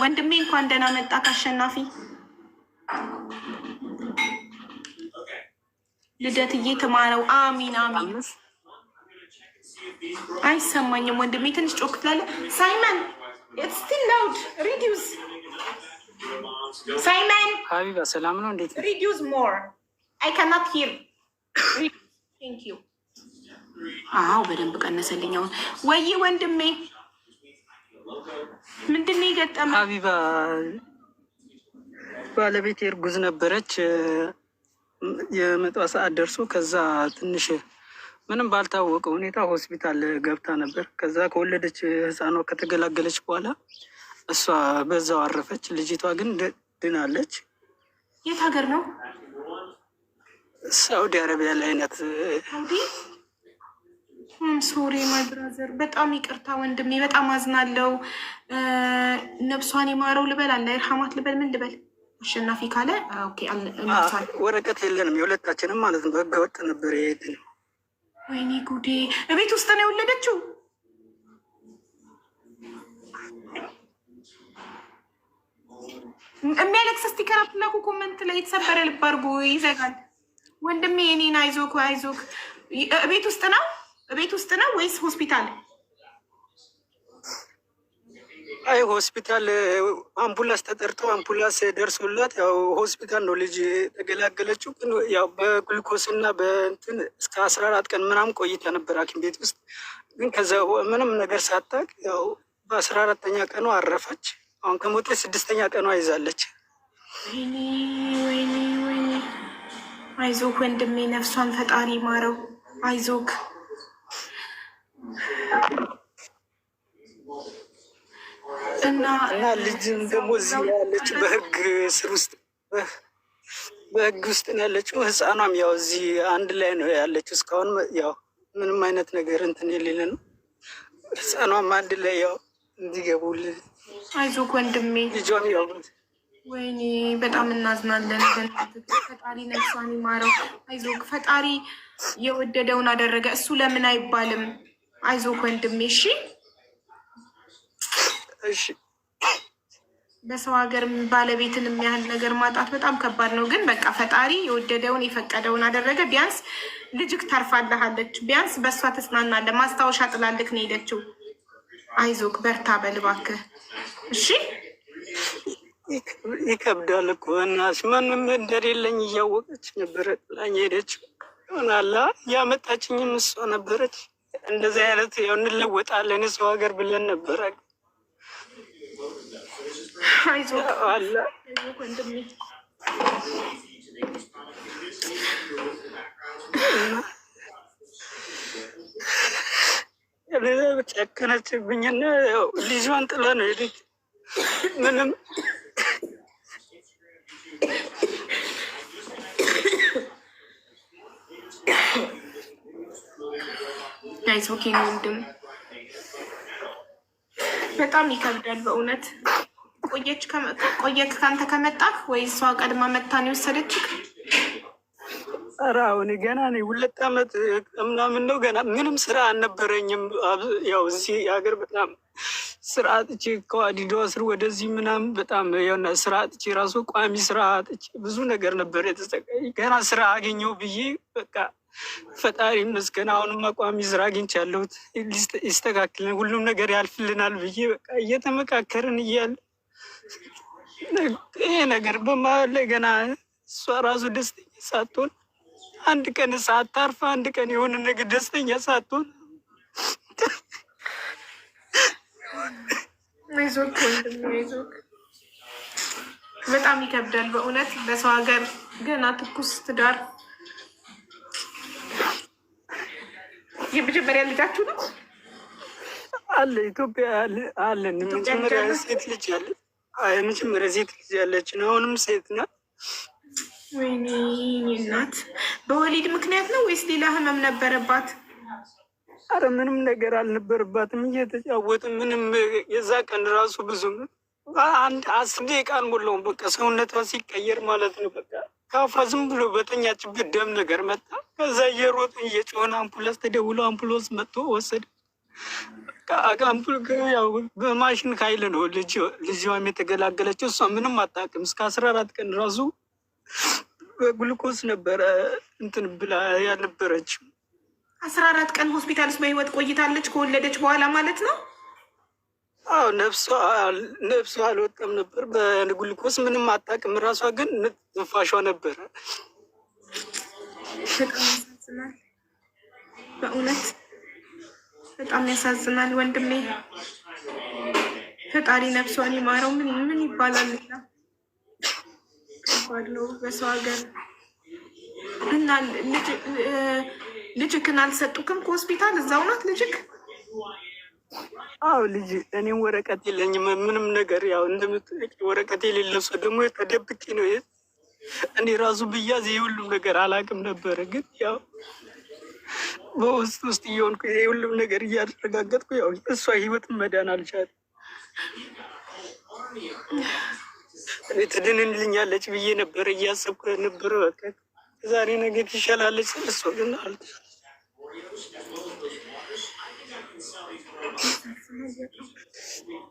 ወንድሜ እንኳን ደህና መጣህ አሸናፊ። ልደትዬ ትማረው። አሚን አሚን። አይሰማኝም ወንድሜ፣ ትንሽ ጮክ ትላለህ። ሳይመን ኢትስ ስቲል ላውድ ሪዲዩስ። ሳይመን ሀቢባ ሰላም ነው? እንዴት ነው? ሪዲዩስ ሞር አይ ካናት ሂር ቴንክ ዩ። አዎ በደንብ ቀነሰልኝ አሁን። ወይ ወንድሜ ምንድን ነው የገጠመ? ሀቢባ ባለቤት እርጉዝ ነበረች። የመጧ ሰዓት ደርሶ ከዛ ትንሽ ምንም ባልታወቀ ሁኔታ ሆስፒታል ገብታ ነበር። ከዛ ከወለደች ህፃኗ ከተገላገለች በኋላ እሷ በዛው አረፈች። ልጅቷ ግን ድናለች። የት ሀገር ነው? ሳውዲ አረቢያ ላይ አይነት ሶሪ ማይ ብራዘር፣ በጣም ይቅርታ ወንድሜ፣ በጣም አዝናለው። ነብሷን ይማረው ልበል፣ አለ ይርሃማት ልበል፣ ምን ልበል? አሸናፊ ካለ ወረቀት የለንም የሁለታችንም ማለት ነው። በህገወጥ ነበር የሄድ ነው። ወይኔ ጉዴ! እቤት ውስጥ ነው የወለደችው። የሚያለቅስ ስቲከር አትላኩ ኮመንት ላይ የተሰበረ ልብ አድርጎ ይዘጋል። ወንድሜ የኔን አይዞክ አይዞክ፣ እቤት ውስጥ ነው ቤት ውስጥ ነው ወይስ ሆስፒታል? አይ ሆስፒታል አምቡላንስ ተጠርቶ አምቡላንስ ደርሶላት ያው ሆስፒታል ነው ልጅ የተገላገለችው። ግን ያው በግሉኮስ እና በእንትን እስከ አስራ አራት ቀን ምናምን ቆይታ ነበር ሐኪም ቤት ውስጥ ግን ከዛ ምንም ነገር ሳታቅ ያው በአስራ አራተኛ ቀኗ አረፈች። አሁን ከሞተ ስድስተኛ ቀኗ ይዛለች። ወይኔ ወይኔ። አይዞክ ወንድሜ ነፍሷን ፈጣሪ ማረው። አይዞክ እና እና ደግሞ እዚህ ያለች በህግ ስር ውስጥ በህግ ውስጥ ነው ያለችው። ህፃኗም ያው እዚህ አንድ ላይ ነው ያለችው። እስካሁን ያው ምንም አይነት ነገር እንትን የሌለ ነው። ህፃኗም አንድ ላይ ያው እንዲገቡልን አይዞህ ወንድሜ። ልጇም ያው ወይኔ በጣም እናዝናለን። ፈጣሪ ነፍሷን ይማረው። አይዞህ ፈጣሪ የወደደውን አደረገ። እሱ ለምን አይባልም? አይዞክ ወንድሜ። እሺ በሰው ሀገር ባለቤትን የሚያህል ነገር ማጣት በጣም ከባድ ነው። ግን በቃ ፈጣሪ የወደደውን የፈቀደውን አደረገ። ቢያንስ ልጅክ ታርፋለሃለች። ቢያንስ በእሷ ተጽናናለ። ማስታወሻ ጥላልክ ነው ሄደችው። አይዞክ በርታ በልባክ እሺ። ይከብዳል እኮ እናትሽ ማንም እንደሌለኝ እያወቀች ነበረ ጥላኝ ሄደችው። ይሆናላ ያመጣችኝም እሷ ነበረች። እንደዚህ አይነት ያው እንለወጣለን የሰው ሀገር ብለን ነበረ። ጨከነችብኝና ልጇን ጥላ ነው ሄደች። ምንም ናይስ ኦኬ። ነው ወንድም በጣም ይከብዳል በእውነት ቆየች ቆየክ ከአንተ ከመጣህ ወይ እሷ ቀድማ መታን የወሰደች ኧረ እኔ ገና እኔ ሁለት ዓመት ምናምን ነው ገና ምንም ስራ አልነበረኝም። ያው እዚህ ሀገር በጣም ስራ አጥቼ ከዋዲዶ ስር ወደዚህ ምናም በጣም የሆነ ስራ አጥቼ ራሱ ቋሚ ስራ አጥቼ ብዙ ነገር ነበር የተሰቃይ ገና ስራ አገኘው ብዬ በቃ ፈጣሪ ይመስገን። አሁንም መቋሚ ስራ ያለሁት ይስተካክልን፣ ሁሉም ነገር ያልፍልናል ብዬ በቃ እየተመካከርን እያለ ይሄ ነገር በመሀል ላይ ገና እሷ ራሱ ደስተኛ ሳትሆን አንድ ቀን ሳታርፍ አንድ ቀን የሆነ ነገር ደስተኛ ሳትሆን በጣም ይከብዳል በእውነት በሰው ሀገር ገና ትኩስ ትዳር የመጀመሪያ ልጃችሁ ነው አለ ኢትዮጵያ አለን። የመጀመሪያ ሴት ልጅ ያለ የመጀመሪያ ሴት ልጅ ያለችን አሁንም ሴት ናት። ወይኔ እናት በወሊድ ምክንያት ነው ወይስ ሌላ ህመም ነበረባት? አረ ምንም ነገር አልነበረባትም። እየተጫወት ምንም የዛ ቀን ራሱ ብዙም አንድ አስር ደቂቃ አልሞላውም። በቃ ሰውነቷ ሲቀየር ማለት ነው በቃ ካፏ ዝም ብሎ በተኛችበት ደም ነገር መጣ። ከዛ እየሮጡ እየጮሆን አምፑላንስ ተደውሎ አምፑላስ መጥቶ ወሰደ። በማሽን ኃይል ነው ልጅዋም የተገላገለችው። እሷ ምንም አታውቅም። እስከ አስራ አራት ቀን ራሱ በግሉኮስ ነበረ እንትን ብላ ያልነበረችው። አስራ አራት ቀን ሆስፒታል ውስጥ በህይወት ቆይታለች ከወለደች በኋላ ማለት ነው። አዎ ነፍሷ አልወጣም ነበር። በግሉኮስ ምንም አታውቅም። እራሷ ግን ትንፋሿ ነበረ። በጣም ያሳዝናል። በእውነት በጣም ያሳዝናል ወንድሜ። ፈጣሪ ነፍሷን ይማረው። ምን ምን ይባላል ባለው በሰው ሀገር እና ልጅክን አልሰጡክም? ከሆስፒታል እዛው ናት ልጅክ አዎ ልጅ እኔም ወረቀት የለኝም ምንም ነገር ያው እንደምትወቂ ወረቀት የሌለው ሰው ደግሞ ተደብቄ ነው። የት እኔ ራሱ ብያዝ የሁሉም ነገር አላውቅም ነበረ፣ ግን ያው በውስጥ ውስጥ እየሆንኩ የሁሉም ነገር እያረጋገጥኩ ያው እሷ ህይወት መዳን አልቻል። እኔ ትድንልኛለች ብዬ ነበረ እያሰብኩ ነበረ። በቃ ዛሬ ነገ ትሻላለች፣ እሷ ግን አልተሻለ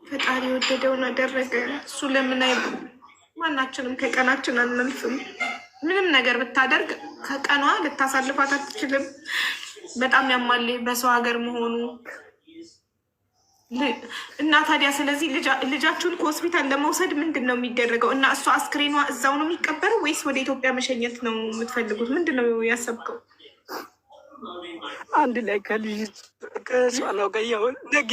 ፈጣሪ የወደደውን አደረገ። እሱ ለምን አይ ማናችንም ከቀናችን አናልፍም። ምንም ነገር ብታደርግ ከቀኗ ልታሳልፋት አትችልም። በጣም ያማል በሰው ሀገር መሆኑ እና ታዲያ ስለዚህ ልጃችሁን ከሆስፒታል ለመውሰድ ምንድን ነው የሚደረገው? እና እሷ አስክሬኗ እዛው ነው የሚቀበረው ወይስ ወደ ኢትዮጵያ መሸኘት ነው የምትፈልጉት? ምንድን ነው ያሰብከው? አንድ ላይ ከልጅ ከህፃናው ጋር ነገ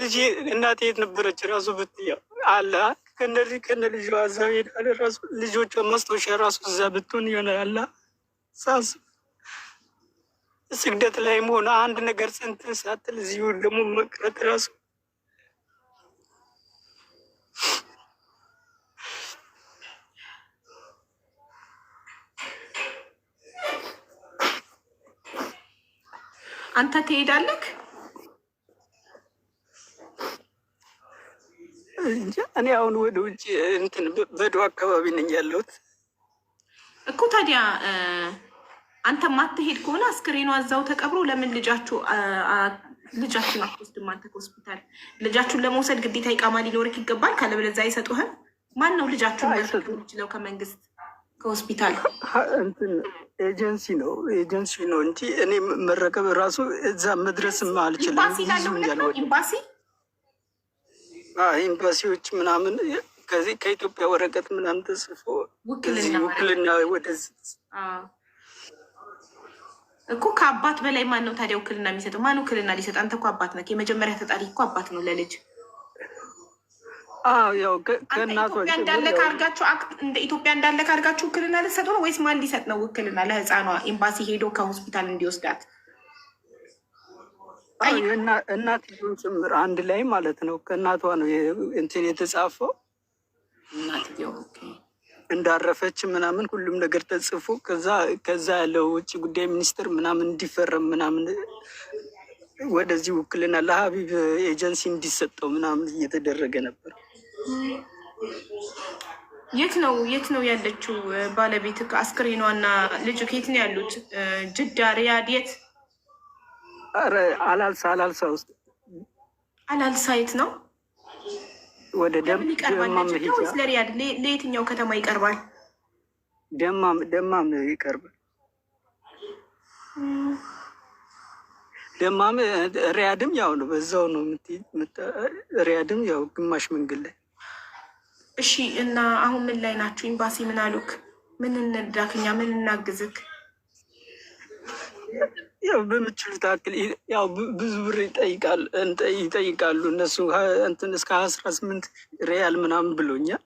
ልጅ እናቴ የት ነበረች ራሱ ብትያው አለ ከነልጅ ከነልጅ እዛ ሄዳለ ራሱ ልጆቿ ማስታወሻ ራሱ እዛ ብትሆን አለ ሳስ ስግደት ላይ መሆን አንድ ነገር ስንት ሳትል እዚሁ ደግሞ መቅረት ራሱ አንተ ትሄዳለህ? እንጃ እኔ አሁን ወደ ውጭ እንትን በዶ አካባቢ ነኝ ያለሁት እኮ። ታዲያ አንተ ማትሄድ ከሆነ አስክሬኗ እዛው ተቀብሮ ለምን ልጃችሁ ልጃችሁን አትወስድም? አንተ ከሆስፒታል ልጃችሁን ለመውሰድ ግዴታ ይቃማ ሊኖርክ ይገባል። ካለበለዚያ አይሰጡህም። ማን ነው ልጃችሁን ማሰጡ ይችለው ከመንግስት ከሆስፒታል እንትን ኤጀንሲ ነው ኤጀንሲ ነው እንጂ እኔ መረከብ ራሱ እዛ መድረስም አልችልም። ኤምባሲ ኤምባሲዎች ምናምን ከዚህ ከኢትዮጵያ ወረቀት ምናምን ተጽፎ ውክልና ወደ እኮ ከአባት በላይ ማን ነው ታዲያ ውክልና የሚሰጠው? ማን ውክልና ሊሰጥ? አንተ እኮ አባት ነህ። የመጀመሪያ ተጣሪ እኮ አባት ነው ለልጅ ኢትዮጵያ እንዳለ ካርጋችሁ ውክልና ልሰጡ ነው ወይስ ማን ሊሰጥ ነው ውክልና? ለህፃኗ ኤምባሲ ሄዶ ከሆስፒታል እንዲወስዳት እናት ጭምር አንድ ላይ ማለት ነው። ከእናቷ ነው እንትን የተጻፈው እንዳረፈች ምናምን ሁሉም ነገር ተጽፎ ከዛ ከዛ ያለው ውጭ ጉዳይ ሚኒስትር ምናምን እንዲፈረም ምናምን ወደዚህ ውክልና ለሀቢብ ኤጀንሲ እንዲሰጠው ምናምን እየተደረገ ነበር። የት ነው የት ነው ያለችው? ባለቤት አስክሬኗና ልጅ ከየት ነው ያሉት? ጅዳ፣ ሪያድ የት? አላልሳ አላልሳ ውስጥ አላልሳ የት ነው? ወደ ደም ይቀርባል ወይስ ለሪያድ ለየትኛው ከተማ ይቀርባል? ደማም ደማም ይቀርባል። ደማም ሪያድም ያው ነው፣ በዛው ነው። ሪያድም ያው ግማሽ መንገድ ላይ እሺ እና አሁን ምን ላይ ናችሁ? ኤምባሲ ምን አሉክ? ምን እንርዳክ? ምን እናግዝክ? ያው በምችሉት ታክል ያው ብዙ ብር ይጠይቃል ይጠይቃሉ እነሱ እንትን እስከ አስራ ስምንት ሪያል ምናምን ብሎኛል።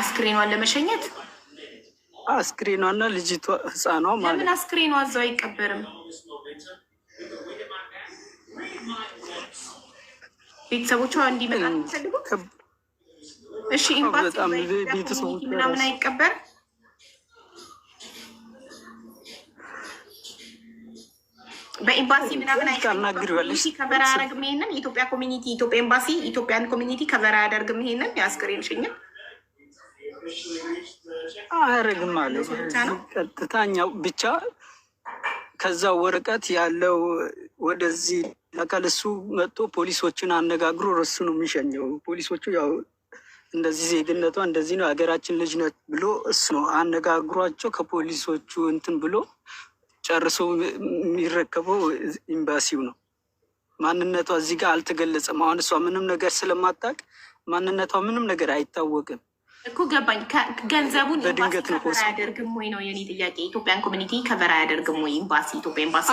አስክሬኗን ለመሸኘት አስክሬኗና ልጅቷ ህፃኗ ማለት ለምን አስክሬኗ እዛው አይቀበርም? ቤተሰቦቿ እንዲመጣ ፈልጉት እሺ ኢምባሲ ምናምን አይቀበር በኤምባሲ ምናምን ከበር አያደርግም። ይሄንን የኢትዮጵያ ኮሚኒቲ ኢትዮጵያ ኤምባሲ ኢትዮጵያን ኮሚኒቲ ከበር አያደርግም። ይሄንን የአስክሬን ሽኝት አያደርግም አለ ቀጥታ እኛው ብቻ ከዛ ወረቀት ያለው ወደዚህ እሱ መጥቶ ፖሊሶችን አነጋግሮ ረሱ ነው የሚሸኘው ፖሊሶቹ ያው እንደዚህ ዜግነቷ እንደዚህ ነው ሀገራችን ልጅ ነ ብሎ እሱ ነው አነጋግሯቸው ከፖሊሶቹ እንትን ብሎ ጨርሶ የሚረከበው ኤምባሲው ነው። ማንነቷ እዚህ ጋር አልተገለጸም። አሁን እሷ ምንም ነገር ስለማታቅ ማንነቷ ምንም ነገር አይታወቅም እኮ ገባኝ። ገንዘቡን በድንገት ነው ከቨር አያደርግም ወይ ነው የኔ ጥያቄ። ኢትዮጵያን ኮሚኒቲ ከቨር አያደርግም ወይ ኤምባሲ? ኢትዮጵያ ኤምባሲ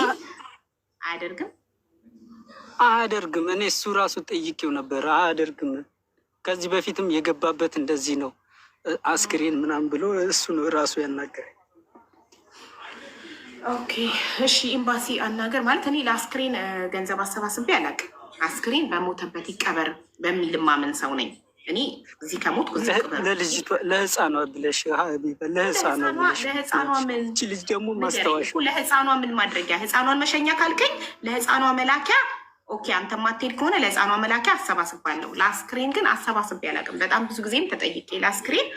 አያደርግም አያደርግም። እኔ እሱ ራሱ ጠይቄው ነበር። አያደርግም ከዚህ በፊትም የገባበት እንደዚህ ነው አስክሬን ምናምን ብሎ እሱ ነው እራሱ ያናገረኝ። ኦኬ እሺ፣ ኤምባሲ አናገር ማለት እኔ ለአስክሬን ገንዘብ አሰባስቤ አላውቅም። አስክሬን በሞተበት ይቀበር በሚል ማምን ሰው ነኝ እኔ። እዚህ ከሞት ለልጅቷ ለህፃኗ ብለሽ ለህፃኗ ምን ደግሞ ማስታወሻ ለህፃኗ ምን ማድረጊያ ህፃኗን መሸኛ ካልከኝ ለህፃኗ መላኪያ ኦኬ አንተ ማትሄድ ከሆነ ለህፃኗ መላኪያ አሰባስባለሁ። ለአስክሬን ግን አሰባስቤ አላውቅም። በጣም ብዙ ጊዜም ተጠይቄ ለአስክሬን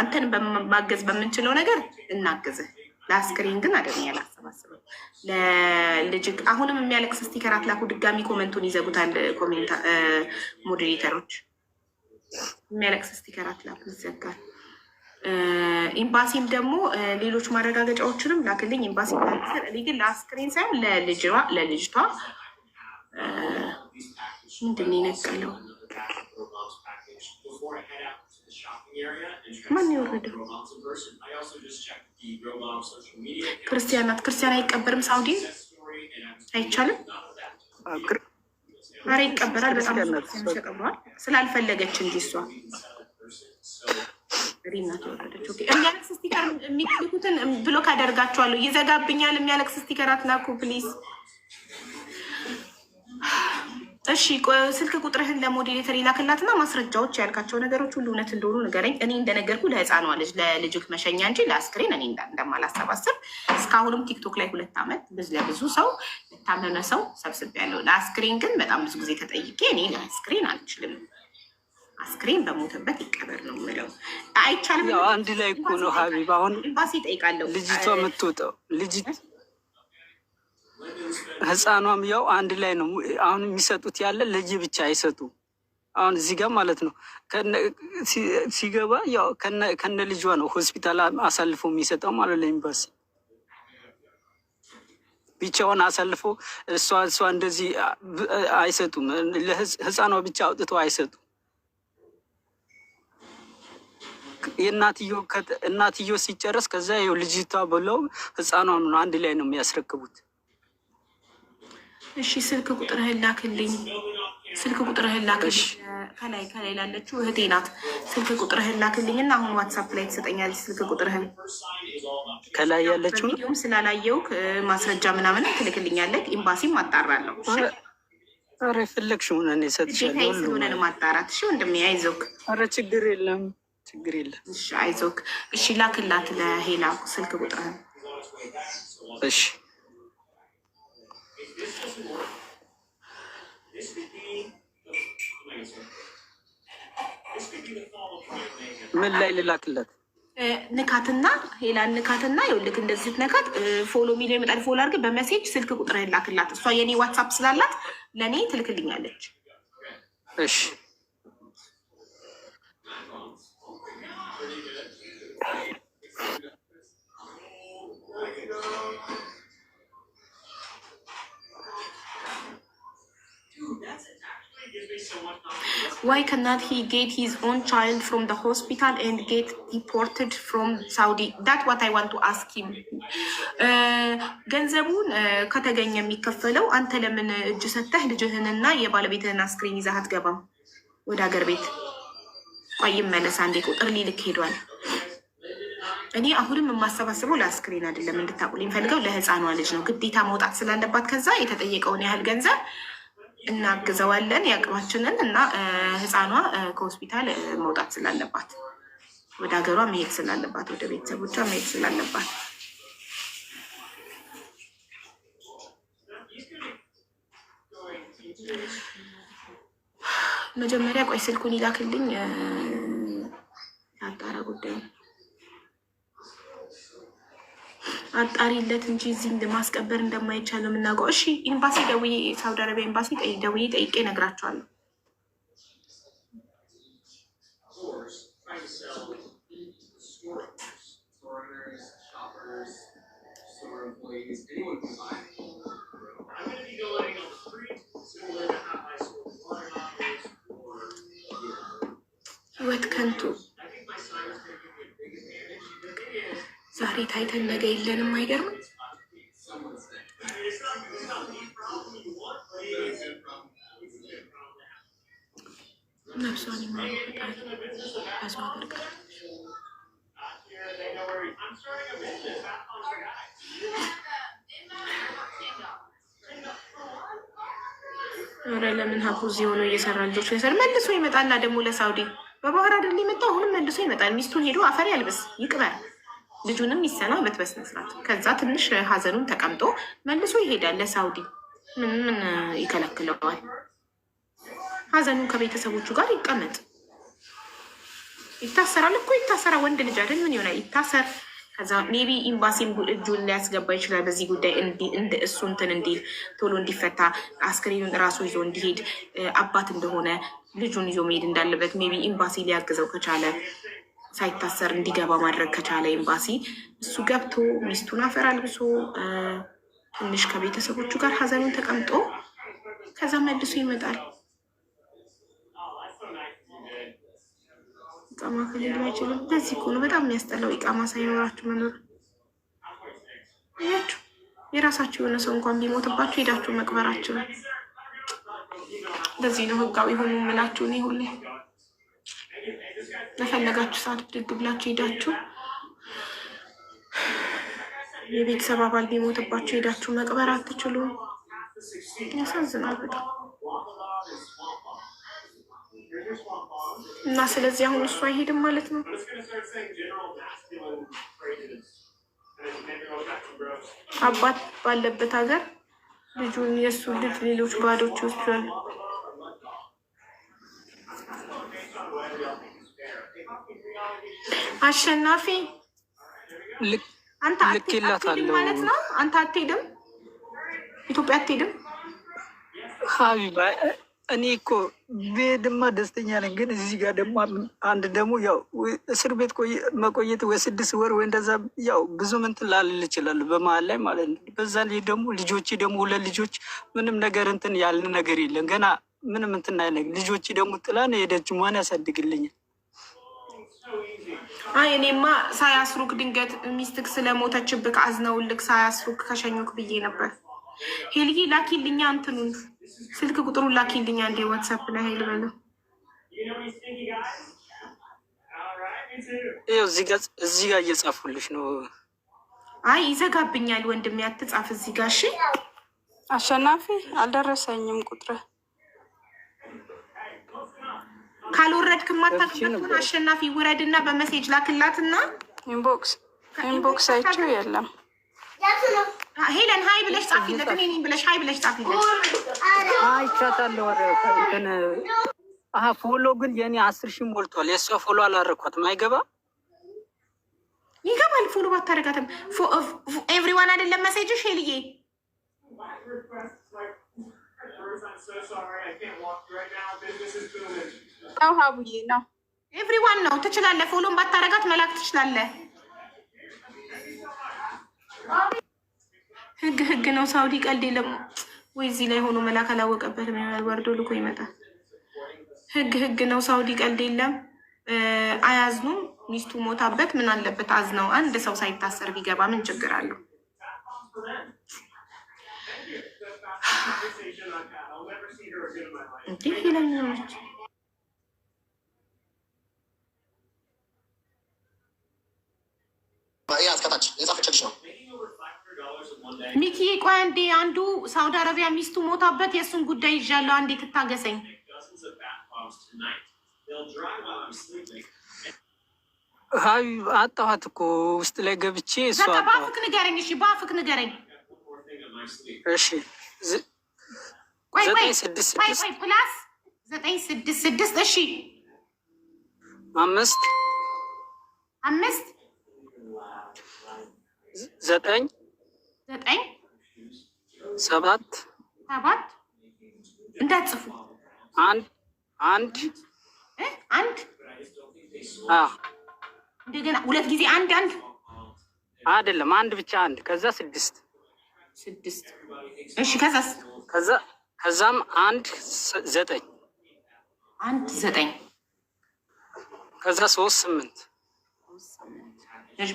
አንተን በማገዝ በምንችለው ነገር እናግዝህ፣ ለአስክሬን ግን አደ አላሰባስብም። ለልጅ አሁንም የሚያለቅስ ስቲከር አትላኩ። ድጋሚ ኮመንቱን ይዘጉታል። ሞዴሬተሮች የሚያለቅስ ስቲከር አትላኩ፣ ይዘጋል። ኤምባሲም ደግሞ ሌሎች ማረጋገጫዎችንም ላክልኝ። ኤምባሲ ግን ለአስክሬን ሳይሆን ለልጅቷ ምንድን ነው የነቀለው? ማን የወረደው? ክርስቲያን ክርስቲያን አይቀበርም። ሳውዲ አይቻልም። ኧረ ይቀበራል። በጣም ተቀብሯል። ስላልፈለገች እንጂ እሷ የሚያለቅስ ስቲከር የሚልኩትን ብሎክ አደርጋቸዋለሁ። ይዘጋብኛል። የሚያለቅስ ስቲከር አትላኩ ፕሊዝ። እሺ ስልክ ቁጥርህን ለሞዴሬተር ይላክላትና ማስረጃዎች ያልካቸው ነገሮች ሁሉ እውነት እንደሆኑ ንገረኝ። እኔ እንደነገርኩ ለህፃኗ ልጅ ለልጅክ መሸኛ እንጂ ለአስክሬን እኔ እንደማላሰባስብ እስካሁንም ቲክቶክ ላይ ሁለት ዓመት ለብዙ ሰው ለታመመ ሰው ሰብስብ ያለው ለአስክሬን ግን በጣም ብዙ ጊዜ ተጠይቄ እኔ ለአስክሬን አልችልም። አስክሬን በሞተበት ይቀበር ነው የምለው። አይቻልም። አንድ ላይ እኮ ነው ሀቢብ። አሁን ኤምባሲ ይጠይቃለሁ። ልጅቷ የምትወጣው ልጅ ህፃኗም ያው አንድ ላይ ነው አሁን የሚሰጡት ያለ ልጅ ብቻ አይሰጡ አሁን እዚህ ጋር ማለት ነው ሲገባ ያው ከነ ልጇ ነው ሆስፒታል አሳልፎ የሚሰጠው ማለት ለኤምባሲ ብቻውን አሳልፎ እሷ እሷ እንደዚህ አይሰጡም። ህፃኗ ብቻ አውጥተው አይሰጡ እናትዮ ሲጨረስ ከዛ ልጅቷ ብለው ህፃኗ አንድ ላይ ነው የሚያስረክቡት። እሺ ስልክ ቁጥርህን ላክልኝ። ስልክ ቁጥርህን ላክልኝ። ከላይ ከላይ ላለችው እህቴ ናት። ስልክ ቁጥርህን ላክልኝ እና አሁን ዋትሳፕ ላይ ትሰጠኛለች። ስልክ ቁጥርህን ከላይ ያለችው ዲሁም ስላላየው ማስረጃ ምናምን ትልክልኛለች። ኤምባሲም አጣራለሁ። ኧረ ፈለግሽ ሆነን የሰጥሻለሁ። ሆነን ማጣራት እሺ። ወንድሜ አይዞክ። ኧረ ችግር የለም ችግር የለም። እሺ አይዞክ። እሺ ላክላት ለሄላ ስልክ ቁጥርህን እሺ ምን ላይ ልላክለት? ንካትና ሄላን ንካትና ይኸውልህ፣ እንደዚህ ስትነካት ፎሎ የሚለው ይመጣል። ፎሎ አድርገህ በመሴጅ ስልክ ቁጥር ላክላት። እሷ የኔ ዋትሳፕ ስላላት ለእኔ ትልክልኛለች። እሺ Why cannot he get his own child from the hospital and get deported from Saudi? That's what I want to ask him. Uh, ገንዘቡን uh, ከተገኘ የሚከፈለው አንተ ለምን እጅ ሰተህ ልጅህንና የባለቤትህን አስክሬን ይዘህ አትገባም ወደ ሀገር ቤት? ቆይ ይመለስ አንዴ፣ ቁጥር ሊልክ ሄዷል። እኔ አሁንም የማሰባስበው ለአስክሬን አይደለም፣ እንድታቁልኝ የሚፈልገው ለህፃኗ ልጅ ነው። ግዴታ መውጣት ስላለባት ከዛ የተጠየቀውን ያህል ገንዘብ እናግዘዋለን የአቅማችንን እና ህፃኗ ከሆስፒታል መውጣት ስላለባት ወደ ሀገሯ መሄድ ስላለባት ወደ ቤተሰቦቿ መሄድ ስላለባት መጀመሪያ ቆይ ስልኩን ይላክልኝ የአጣራ ጉዳይ አጣሪለት እንጂ እዚህ ማስቀበር እንደማይቻል ነው የምናውቀው። እሺ ኤምባሲ ደውዬ ሳውዲ አረቢያ ኤምባሲ ደውዬ ጠይቄ እነግራቸዋለሁ። ወት ከንቱ ዛሬ ታይተን ነገ የለንም። አይገርምም? ነፍሷን ፈጣሪ አዝማ አድርጋል። ኧረ ለምን ሀፉ እዚህ ሆኖ እየሰራ ልጆች ሰር መልሶ ይመጣና ደግሞ ለሳውዲ በባህር አይደል የመጣው አሁንም መልሶ ይመጣል። ሚስቱን ሄዶ አፈር ያልብስ ይቅበር። ልጁንም ይሰናበት በስነ ስርዓት። ከዛ ትንሽ ሀዘኑን ተቀምጦ መልሶ ይሄዳል ለሳውዲ። ምን ምን ይከለክለዋል? ሀዘኑን ከቤተሰቦቹ ጋር ይቀመጥ። ይታሰራል እኮ ይታሰራ። ወንድ ልጅ አይደል? ምን ይሆናል? ይታሰር። ከዛ ሜቢ ኢምባሲን እጁን ሊያስገባ ይችላል። በዚህ ጉዳይ እሱ እንትን እንዲል ቶሎ እንዲፈታ አስክሬኑን ራሱ ይዞ እንዲሄድ አባት እንደሆነ ልጁን ይዞ መሄድ እንዳለበት ሜቢ ኢምባሲ ሊያግዘው ከቻለ ሳይታሰር እንዲገባ ማድረግ ከቻለ ኤምባሲ እሱ ገብቶ ሚስቱን አፈር አልብሶ ትንሽ ከቤተሰቦቹ ጋር ሀዘኑን ተቀምጦ ከዛ መልሶ ይመጣል። ኢቃማ ከሌሉ አይችልም። በዚህ እኮ በጣም የሚያስጠላው። ኢቃማ ሳይኖራችሁ መኖር ያችሁ የራሳችሁ የሆነ ሰው እንኳን ቢሞትባችሁ ሄዳችሁ መቅበራችሁ ነው። ነው ህጋዊ ሆኑ የምላችሁ እኔ ሁሌ በፈለጋችሁ ሰዓት ብድግ ብላችሁ ሄዳችሁ የቤተሰብ አባል ቢሞትባችሁ ሄዳችሁ መቅበር አትችሉም። ያሳዝናል በጣም እና ስለዚህ አሁን እሱ አይሄድም ማለት ነው። አባት ባለበት ሀገር ልጁን የእሱ ልጅ ሌሎች ባዶች ይወስዳሉ። አሸናፊ አንተ አትሄድም ማለት ነው? አንተ አትሄድም፣ ኢትዮጵያ አትሄድም። ሀቢባ እኔ እኮ ብሄድማ ደስተኛ ነኝ፣ ግን እዚህ ጋር ደግሞ አንድ ደግሞ ያው እስር ቤት መቆየት ወይ ስድስት ወር ወይ እንደዛ ያው ብዙ ምን ትላልል ይችላሉ በመሀል ላይ ማለት ነው። በዛ ላይ ደግሞ ልጆች ደግሞ ሁለት ልጆች ምንም ነገር እንትን ያልን ነገር የለም ገና ምንም እንትን አይነ ልጆች ደግሞ ጥላ ነው ሄደች ማን ያሳድግልኛል? አይ እኔማ ሳያስሩክ ድንገት ሚስትክ ስለሞተችብክ አዝነውልክ ሳያስሩክ ከሸኙክ ብዬ ነበር። ሄልጊ ላኪልኛ እንትኑን ስልክ ቁጥሩን ላኪልኛ እንዴ ዋትሳፕ ላይ ሄል በለው እዚህ ጋር እየጻፉልሽ ነው። አይ ይዘጋብኛል ወንድሜ አትጻፍ እዚህ ጋር እሺ። አሸናፊ አልደረሰኝም ቁጥር ካልወረድክ ማታክበትን አሸናፊ ውረድና በመሴጅ ላክላት ላክላትና ኢንቦክስ ኢንቦክስ አይቼው የለም። ሄለን ሀይ ብለሽ ጻፊለት፣ እኔ ነኝ ብለሽ ሀይ ብለሽ ጻፊለት። አይቻታለሁ። አሀ ፎሎ ግን የእኔ አስር ሺህ ሞልቷል። የእሷ ፎሎ አላረኳትም። አይገባ ይገባል። ፎሎ ባታረጋትም ኤቭሪዋን አይደለም መሴጅሽ ሄልዬ ያው ሀቡዬ ነው ኤቭሪዋን ነው ትችላለህ። ፎሎም ባታረጋት መላክ ትችላለ። ህግ ህግ ነው። ሳውዲ ቀልድ የለም ወይ? እዚህ ላይ ሆኖ መላክ አላወቀበትም ይሆናል። ወርዶ ልኮ ይመጣል። ህግ ህግ ነው። ሳውዲ ቀልድ የለም። አያዝኑም። ሚስቱ ሞታበት ምን አለበት? አዝነው አንድ ሰው ሳይታሰር ቢገባ ምን ችግር አለው? እንዲህ ይለኛች ያስከታች የጻፈችልሽ ሚኪ። ቆይ አንዴ፣ አንዱ ሳውዲ አረቢያ ሚስቱ ሞታበት የእሱን ጉዳይ ይዣለሁ። አንዴ ትታገሰኝ። ሀዩ አጣኋት እኮ ውስጥ ላይ ገብቼ እሷ በአፍክ ንገረኝ። እሺ፣ በአፍክ ንገረኝ። እሺ፣ ፕላስ ዘጠኝ ስድስት ስድስት እሺ፣ አምስት አምስት ዘጠኝ ዘጠኝ ሰባት ሰባት እንዳትጽፉ አንድ አንድ አንድ እንደገና ሁለት ጊዜ አንድ አንድ አይደለም፣ አንድ ብቻ አንድ፣ ከዛ ስድስት ስድስት። እሺ፣ ከዛስ? ከዛ ከዛም አንድ ዘጠኝ አንድ ዘጠኝ ከዛ ሶስት ስምንት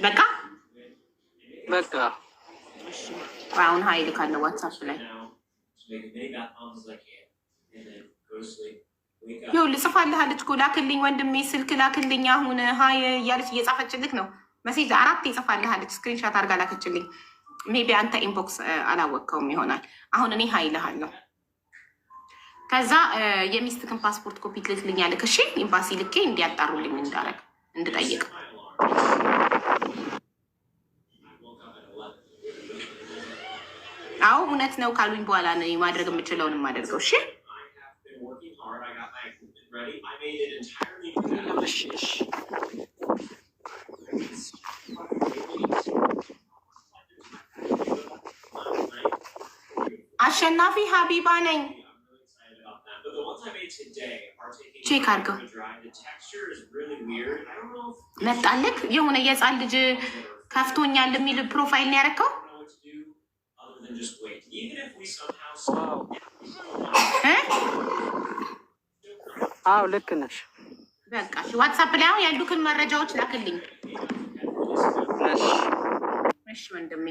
በቃ በቃ አሁን ሀይል ካለ ዋትሳፕ ላይ ይኸው ልጽፋልሃለች እኮ ላክልኝ ወንድሜ ስልክ ላክልኝ አሁን ሀይ እያለች እየጻፈችልክ ነው መሴጅ አራት ይጽፋልሃለች ስክሪንሻት አርጋ ላከችልኝ ሜቢ አንተ ኢንቦክስ አላወቅከውም ይሆናል አሁን እኔ ሀይ ልሃለሁ ከዛ የሚስትክን ፓስፖርት ኮፒ ልክልኝ እሺ ኤምባሲ ልኬ እንዲያጣሩልኝ እንዳረግ እንድጠይቅ አዎ እውነት ነው ካሉኝ በኋላ ነው ማድረግ የምችለውን የማደርገው። እሺ አሸናፊ ሀቢባ ነኝ። ቼክ አድርገው መጣልክ። የሆነ የህፃን ልጅ ከፍቶኛል የሚል ፕሮፋይል ነው ያደረከው። አዎ ልክ ነሽ። በቃ ዋትሳፕ ላይ አሁን ያሉትን መረጃዎች ላክልኝ። እሺ ወንድሜ